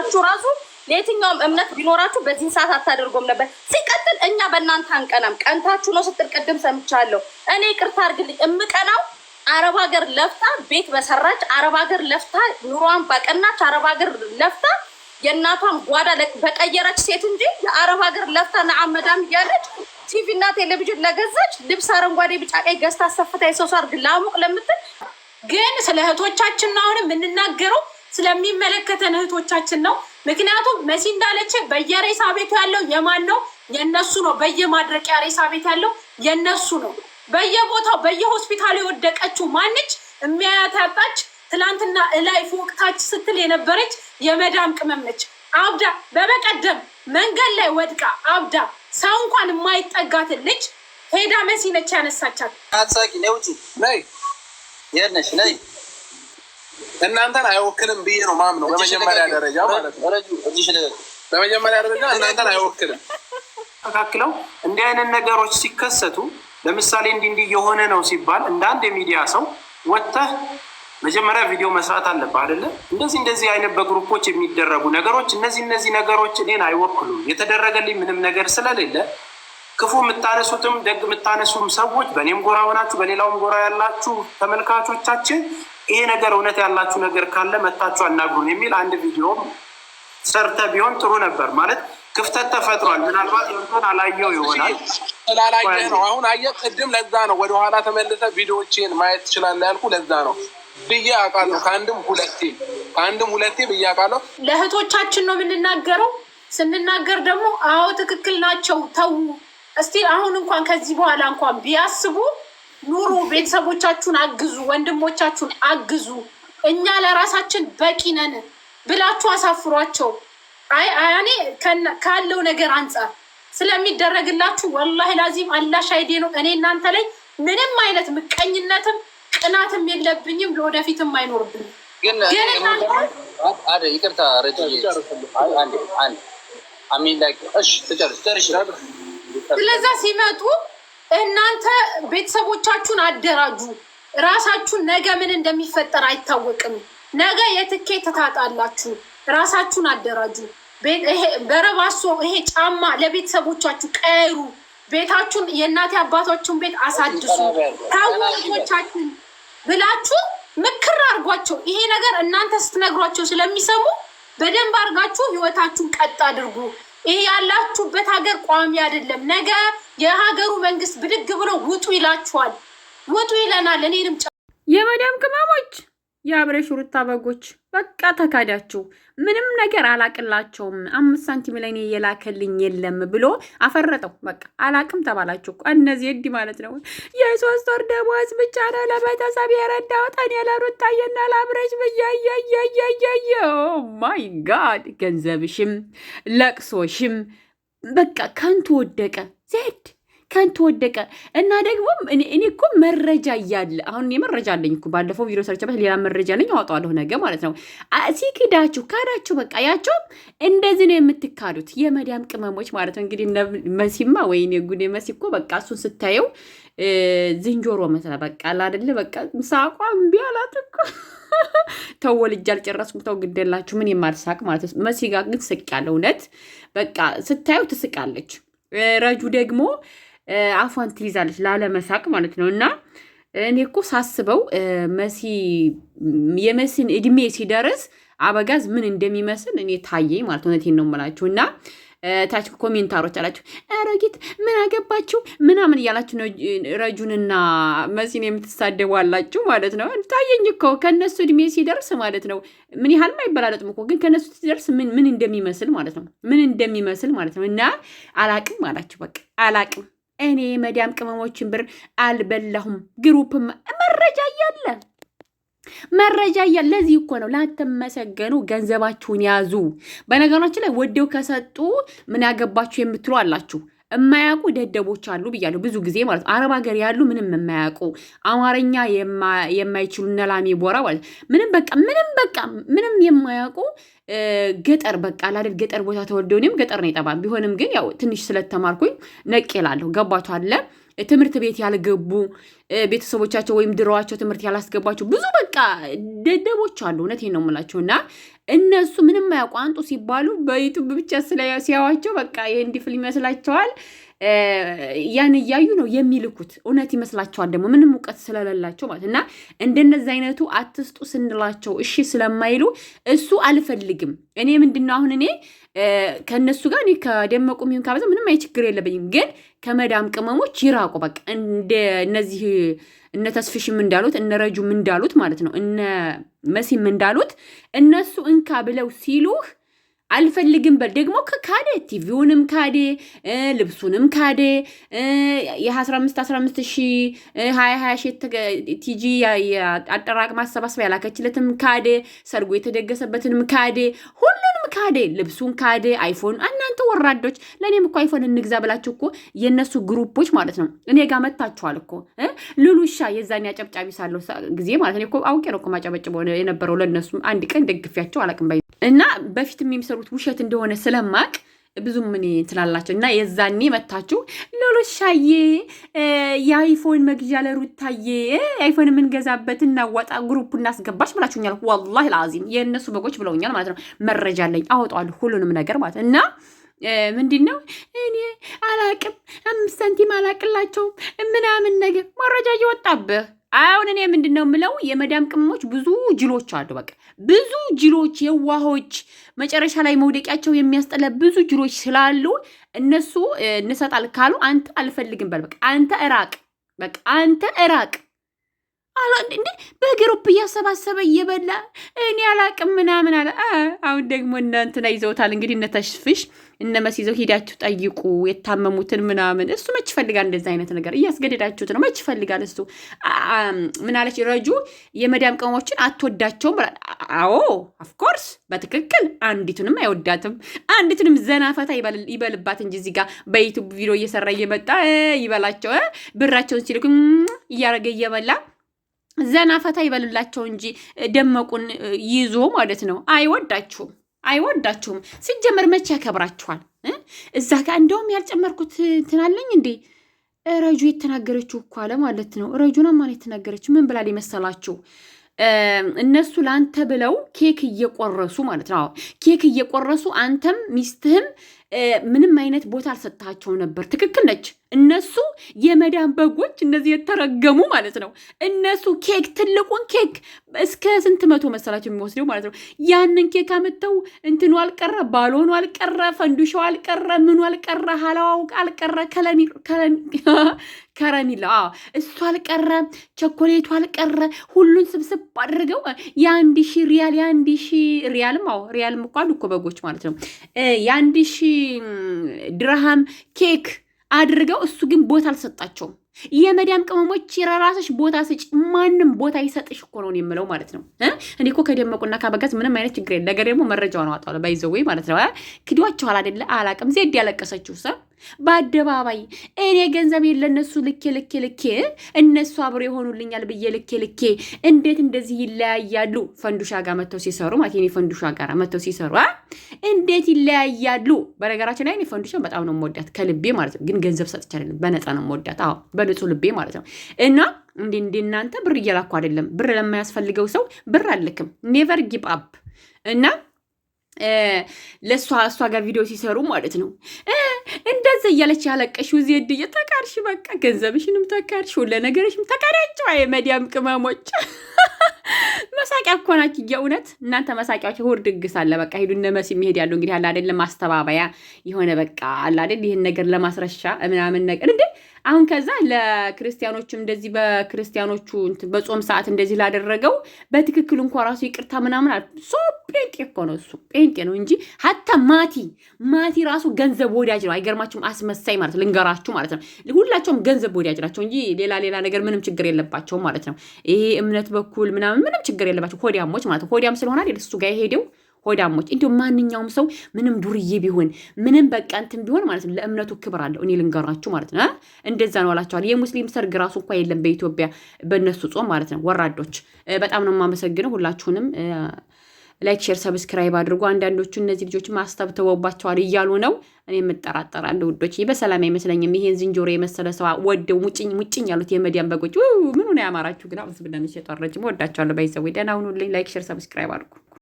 አችሁ ራሱ ለየትኛውም እምነት ቢኖራችሁ በዚህን ሰዓት አታደርጎም ነበር። ሲቀጥል እኛ በእናንተ አንቀናም። ቀንታችሁ ነው ስትል ቅድም ሰምቻለሁ። እኔ ቅርታ አድርግልኝ፣ እምቀናው አረብ ሀገር ለፍታ ቤት በሰራች አረብ ሀገር ለፍታ ኑሯን በቀናች አረብ ሀገር ለፍታ የእናቷን ጓዳ በቀየረች ሴት እንጂ የአረብ ሀገር ለፍታ ነአመዳም እያለች ቲቪ እና ቴሌቪዥን ለገዛች ልብስ አረንጓዴ፣ ቢጫ፣ ቀይ ገዝታ አሰፍታ የሰው ሳርግ ላሙቅ ለምትል ግን ስለ እህቶቻችን ነው አሁን የምንናገረው። ስለሚመለከተን እህቶቻችን ነው። ምክንያቱም መሲ እንዳለች በየሬሳ ቤቱ ያለው የማን ነው? የነሱ ነው። በየማድረቂያ ሬሳ ቤት ያለው የነሱ ነው። በየቦታው በየሆስፒታሉ የወደቀችው ማንች የሚያያት ትላንትና እላይ ፎቅ ታች ስትል የነበረች የመዳም ቅመም ነች። አብዳ በበቀደም መንገድ ላይ ወድቃ አብዳ ሰው እንኳን የማይጠጋትን ልጅ ሄዳ መሲ ነች ያነሳቻት። አትሳቂ ነይ ውጪ ነይ የነሽ ነይ እናንተን አይወክልም ብዬ ነው ማምነው። በመጀመሪያ ደረጃ ማለት ነው። በመጀመሪያ ደረጃ እናንተን አይወክልም። ተካክለው እንዲህ አይነት ነገሮች ሲከሰቱ ለምሳሌ እንዲህ እንዲህ የሆነ ነው ሲባል እንደ አንድ የሚዲያ ሰው ወጥተህ መጀመሪያ ቪዲዮ መስራት አለብህ አይደለ? እንደዚህ እንደዚህ አይነት በግሩፖች የሚደረጉ ነገሮች እነዚህ እነዚህ ነገሮች እኔን አይወክሉም፣ የተደረገልኝ ምንም ነገር ስለሌለ ክፉ የምታነሱትም ደግ የምታነሱም ሰዎች በእኔም ጎራ ሆናችሁ በሌላውም ጎራ ያላችሁ ተመልካቾቻችን ይሄ ነገር እውነት ያላችሁ ነገር ካለ መታችሁ አናግሩን የሚል አንድ ቪዲዮም ሰርተ ቢሆን ጥሩ ነበር። ማለት ክፍተት ተፈጥሯል። ምናልባት እንትን አላየው ይሆናል ስላላየ ነው። አሁን ቅድም ለዛ ነው ወደኋላ ተመልሰ ቪዲዮዎችን ማየት ትችላለ ያልኩ ለዛ ነው ብዬ አውቃለሁ። ከአንድም ሁለቴ ከአንድም ሁለቴ ብዬ አውቃለሁ። ለእህቶቻችን ነው የምንናገረው። ስንናገር ደግሞ አዎ ትክክል ናቸው ተዉ። እስቲ አሁን እንኳን ከዚህ በኋላ እንኳን ቢያስቡ ኑሩ፣ ቤተሰቦቻችሁን አግዙ፣ ወንድሞቻችሁን አግዙ፣ እኛ ለራሳችን በቂ ነን ብላችሁ አሳፍሯቸው። አይ እኔ ካለው ነገር አንጻር ስለሚደረግላችሁ ወላሂ ላዚም አላሽ አይዴ ነው። እኔ እናንተ ላይ ምንም አይነት ምቀኝነትም ቅናትም የለብኝም፣ ለወደፊትም አይኖርብኝም። ግን እናንተ ይቅርታ ስለዛ ሲመጡ እናንተ ቤተሰቦቻችሁን አደራጁ። ራሳችሁን ነገ ምን እንደሚፈጠር አይታወቅም። ነገ የትኬት ትታጣላችሁ። ራሳችሁን አደራጁ። በረባሶ ይሄ ጫማ ለቤተሰቦቻችሁ ቀሩ። ቤታችሁን የእናት አባቶችን ቤት አሳድሱ። ታወቻችን ብላችሁ ምክር አድርጓቸው። ይሄ ነገር እናንተ ስትነግሯቸው ስለሚሰሙ በደንብ አድርጋችሁ ህይወታችሁን ቀጥ አድርጉ። ይሄ ያላችሁበት ሀገር ቋሚ አይደለም። ነገ የሀገሩ መንግስት ብድግ ብሎ ውጡ ይላችኋል፣ ውጡ ይለናል። እኔንም የመዳም ቅመሞች የአብሬሽ ሩታ በጎች በቃ ተካዳችሁ። ምንም ነገር አላቅላቸውም፣ አምስት ሳንቲም ላይ እኔ የላከልኝ የለም ብሎ አፈረጠው። በቃ አላቅም ተባላችሁ እነዚህ እድ ማለት ነው። የሶስት ወር ደሞዝ ብቻ ነው ለቤተሰብ የረዳሁት እኔ ለሩታዬና ለአብሬሽ ብያየየየየየ ማይ ጋድ ገንዘብሽም ለቅሶሽም በቃ ከንቱ ወደቀ ዜድ ከንቱ ወደቀ እና ደግሞ እኔ እኮ መረጃ እያለ አሁን መረጃ አለኝ እኮ ባለፈው ቪዲዮ ሰርቼበት ሌላ መረጃ አለኝ አወጣዋለሁ ነገ ማለት ነው። ሲክዳችሁ ካዳችሁ በቃ ያቸው እንደዚህ ነው የምትካዱት የመዳም ቅመሞች ማለት ነው። እንግዲህ መሲማ ወይኔ ጉዴ መሲ እኮ በቃ እሱን ስታየው ዝንጆሮ መስለ በቃ ላደለ በቃ ሳቋ እምቢ አላት እኮ ተው ወልጄ አልጨረስኩም። ተው ግደላችሁ ምን የማልሳቅ ማለት ነው። መሲ ጋር ግን ስቅ ያለ እውነት በቃ ስታየው ትስቃለች። ረጁ ደግሞ አፏን ትይዛለች ላለመሳቅ ማለት ነው። እና እኔ እኮ ሳስበው መሲ የመሲን እድሜ ሲደርስ አበጋዝ ምን እንደሚመስል እኔ ታየኝ ማለት እውነቴን ነው የምላችሁ እና ታች ኮሜንታሮች አላችሁ ረጊት ምን አገባችሁ ምናምን እያላችሁ ነው ረጁንና መሲን የምትሳደቡ አላችሁ ማለት ነው። ታየኝ እኮ ከነሱ እድሜ ሲደርስ ማለት ነው። ምን ያህል አይበላለጥም እኮ ግን ከነሱ ሲደርስ ምን እንደሚመስል ማለት ነው። ምን እንደሚመስል ማለት ነው። እና አላቅም አላችሁ በቃ አላቅም እኔ መዳም ቅመሞችን ብር አልበላሁም። ግሩፕም መረጃ እያለ መረጃ እያለ ለዚህ እኮ ነው ላተመሰገኑ ገንዘባችሁን ያዙ። በነገራችን ላይ ወደው ከሰጡ ምን ያገባችሁ የምትሉ አላችሁ። የማያውቁ ደደቦች አሉ ብያለሁ ብዙ ጊዜ ማለት ነው። አረብ ሀገር ያሉ ምንም የማያውቁ አማርኛ የማይችሉ ነላሜ ቦራ ማለት ምንም በቃ ምንም በቃ ምንም የማያውቁ ገጠር በቃ ላደል ገጠር ቦታ ተወልደው እኔም ገጠር ነው የጠባ ቢሆንም ግን ያው ትንሽ ስለተማርኩኝ ነቅ ላለሁ ገባቷለ ትምህርት ቤት ያልገቡ ቤተሰቦቻቸው ወይም ድሮዋቸው ትምህርት ያላስገባቸው ብዙ በቃ ደደቦች አሉ። እውነቴን ነው የምላቸው እና እነሱ ምንም አያውቁ አንጡ ሲባሉ በዩቱብ ብቻ ሲያዋቸው በቃ ይህ እንዲህ ይመስላቸዋል። ያን እያዩ ነው የሚልኩት። እውነት ይመስላቸዋል ደግሞ ምንም እውቀት ስለሌላቸው ማለት እና እንደነዚህ አይነቱ አትስጡ ስንላቸው እሺ ስለማይሉ እሱ አልፈልግም። እኔ ምንድነው አሁን እኔ ከእነሱ ጋር እኔ ከደመቁ ሚሆን ካበዛ ምንም አይ ችግር የለብኝም። ግን ከመዳም ቅመሞች ይራቁ በቃ። እንደ እነዚህ እነ ተስፍሽም እንዳሉት እነ ረጁም እንዳሉት ማለት ነው እነ መሲም እንዳሉት እነሱ እንካ ብለው ሲሉህ አልፈልግም በል ደግሞ ከካደ ቲቪውንም ካዴ ልብሱንም ካዴ የ የ15 15 ሺ 20 20 ሺ ቲጂ አጠራቅ ማሰባሰብ ያላከችለትም ካዴ ሰርጎ የተደገሰበትንም ካዴ ሁሉንም ካዴ ልብሱን ካዴ አይፎን እናንተ ወራዶች፣ ለእኔም እኮ አይፎን እንግዛ ብላችሁ እኮ የእነሱ ግሩፖች ማለት ነው እኔ ጋር መታችኋል እኮ ሉሉሻ የዛን ያጨብጫቢ ሳለው ጊዜ ማለት ነው እኮ አውቄ ነው ማጨበጭበ የነበረው ለእነሱ አንድ ቀን ደግፊያቸው አላቅም እና በፊት የሚሰሩ የሚናገሩት ውሸት እንደሆነ ስለማቅ ብዙም ምን ትላላቸው እና የዛኔ መታችሁ ሎሎሻዬ የአይፎን መግዣ ለሩታዬ አይፎን የምንገዛበት እናዋጣ ግሩፕ እናስገባች ብላችሁኛል። ወላ ለአዚም የእነሱ በጎች ብለውኛል ማለት ነው። መረጃ አለኝ አወጣዋለሁ ሁሉንም ነገር ማለት እና ምንድን ነው እኔ አላቅም፣ አምስት ሳንቲም አላቅላቸውም ምናምን ነገር መረጃ እየወጣብህ አሁን እኔ ምንድን ነው የምለው የመዳም ቅመሞች ብዙ ጅሎች አሉ። በቃ ብዙ ጅሎች የዋሆች መጨረሻ ላይ መውደቂያቸው የሚያስጠለ ብዙ ጅሎች ስላሉ እነሱ እንሰጣል ካሉ አንተ አልፈልግም በል በቃ አንተ እራቅ፣ በቃ አንተ እራቅ። እንዴ በግሩፕ እያሰባሰበ እየበላ እኔ አላቅም ምናምን አለ። አሁን ደግሞ እናንትና ይዘውታል እንግዲህ እነተሽፍሽ እነመስ ይዘው ሂዳችሁ ጠይቁ የታመሙትን ምናምን። እሱ መች ይፈልጋል እንደዚ አይነት ነገር እያስገደዳችሁት ነው። መች ይፈልጋል እሱ። ምናለች ረጁ የመዳም ቅመሞችን አትወዳቸውም። አዎ ኦፍኮርስ በትክክል አንዲቱንም አይወዳትም። አንዲቱንም ዘናፈታ ይበልባት እንጂ እዚህ ጋር በዩቱብ ቪዲዮ እየሰራ እየመጣ ይበላቸው ብራቸውን ሲልኩ እያረገ እየበላ ዘናፈታ ይበልላቸው እንጂ ደመቁን ይዞ ማለት ነው። አይወዳችሁም። አይወዳችሁም። ሲጀመር መቼ ያከብራችኋል? እዛ ጋር እንደውም ያልጨመርኩት ትናለኝ እንዴ? ረጁ የተናገረችው እኮ አለ ማለት ነው። ረጁና ማን የተናገረችው ምን ብላል መሰላችሁ? እነሱ ለአንተ ብለው ኬክ እየቆረሱ ማለት ነው፣ ኬክ እየቆረሱ አንተም ሚስትህም ምንም አይነት ቦታ አልሰጥሃቸው ነበር። ትክክል ነች። እነሱ የመዳን በጎች እነዚህ የተረገሙ ማለት ነው። እነሱ ኬክ ትልቁን ኬክ እስከ ስንት መቶ መሰላቸው የሚወስደው ማለት ነው። ያንን ኬክ አምጥተው እንትኑ አልቀረ፣ ባሎኑ አልቀረ፣ ፈንዱሻው አልቀረ፣ ምኑ አልቀረ፣ ሀላዋው አልቀረ፣ ከረሚላ እሱ አልቀረ፣ ቸኮሌቱ አልቀረ። ሁሉን ስብስብ አድርገው የአንድ ሺ ሪያል የአንድ ሺ ሪያልም አዎ ሪያልም እኮ አሉ እኮ በጎች ማለት ነው። የአንድ ሺ ድርሃም ኬክ አድርገው እሱ ግን ቦታ አልሰጣቸውም። የመዳም ቅመሞች የራስሽ ቦታ ስጭ፣ ማንም ቦታ ይሰጥሽ እኮ ነው የምለው ማለት ነው። እኔ እኮ ከደመቁና ካበጋዝ ምንም አይነት ችግር የለ ነገር ደግሞ ነው አወጣለሁ ባይዘወይ ማለት ነው። ክዷቸዋል አደለ አላቅም ዜድ ያለቀሰችው ሰ በአደባባይ እኔ ገንዘብ ለእነሱ ልኬ ልኬ ልኬ እነሱ አብሮ የሆኑልኛል ብዬ ልኬ ልኬ እንዴት እንደዚህ ይለያያሉ? ፈንዱሻ ጋር መጥተው ሲሰሩ ማለት እኔ ፈንዱሻ ጋር መጥተው ሲሰሩ እንዴት ይለያያሉ? በነገራችን ላይ እኔ ፈንዱሻ በጣም ነው የምወዳት ከልቤ ማለት ነው። ግን ገንዘብ ሰጥቼ አይደለም በነፃ ነው የምወዳት። አዎ በንጹህ ልቤ ማለት ነው እና እንዴ እናንተ ብር እየላኩ አይደለም። ብር ለማያስፈልገው ሰው ብር አልክም። ኔቨር ጊፕ አፕ እና ለእሷ እሷ ጋር ቪዲዮ ሲሰሩ ማለት ነው። እንደዚ እያለች ያለቀሽ ዜድዬ ተቃርሽ፣ በቃ ገንዘብሽንም ተቃርሽ፣ ሁለ ነገርሽም የመዲያም ቅመሞች መሳቂያ እኮ ናችሁ የእውነት እናንተ መሳቂያዎች። እሑድ ድግስ አለ በቃ ሄዱ እነ መሲ የሚሄድ ያሉ እንግዲህ አለ አይደል ለማስተባበያ የሆነ በቃ አለ አይደል ይህን ነገር ለማስረሻ ምናምን ነገር እንዴ አሁን ከዛ ለክርስቲያኖችም እንደዚህ በክርስቲያኖቹ በጾም ሰዓት እንደዚህ ላደረገው በትክክል እንኳ ራሱ ይቅርታ ምናምን አለ። ሶ ጴንጤ እኮ ነው እሱ ጴንጤ ነው እንጂ ሀታ ማቲ ማቲ ራሱ ገንዘብ ወዳጅ ነው። አይገርማችሁም? አስመሳይ ማለት ነው ልንገራችሁ ማለት ነው። ሁላቸውም ገንዘብ ወዳጅ ናቸው እንጂ ሌላ ሌላ ነገር ምንም ችግር የለባቸውም ማለት ነው። ይሄ እምነት በኩል ምናምን ምንም ችግር የለባቸው። ሆዳሞች ማለት ነው። ሆዳም ስለሆነ አይደል እሱ ጋር የሄደው ሆዳሞች እንዲሁም ማንኛውም ሰው ምንም ዱርዬ ቢሆን ምንም በቃ እንትን ቢሆን ማለት ነው ለእምነቱ ክብር አለው። እኔ ልንገራችሁ ማለት ነው እንደዛ ነው አላቸዋል። የሙስሊም ሰርግ ራሱ እንኳ የለም በኢትዮጵያ በእነሱ ጾም ማለት ነው። ወራዶች በጣም ነው የማመሰግነው ሁላችሁንም። ላይክ፣ ሼር፣ ሰብስክራይብ አድርጎ አንዳንዶቹ እነዚህ ልጆች ማስተብተበባቸዋል እያሉ ነው። እኔ የምጠራጠራለሁ ውዶች፣ በሰላም አይመስለኝም። ይሄን ዝንጀሮ የመሰለ ሰው ወደው ሙጭኝ ሙጭኝ ያሉት የመዲያን በጎች ምኑ ነው ያማራችሁ? ግን አብዝብና ሚሸጠረጅ ወዳቸዋለሁ። ባይዘዊ ደህና ሁኑልኝ። ላይክ፣ ሼር፣ ሰብስክራይብ አድርጉ።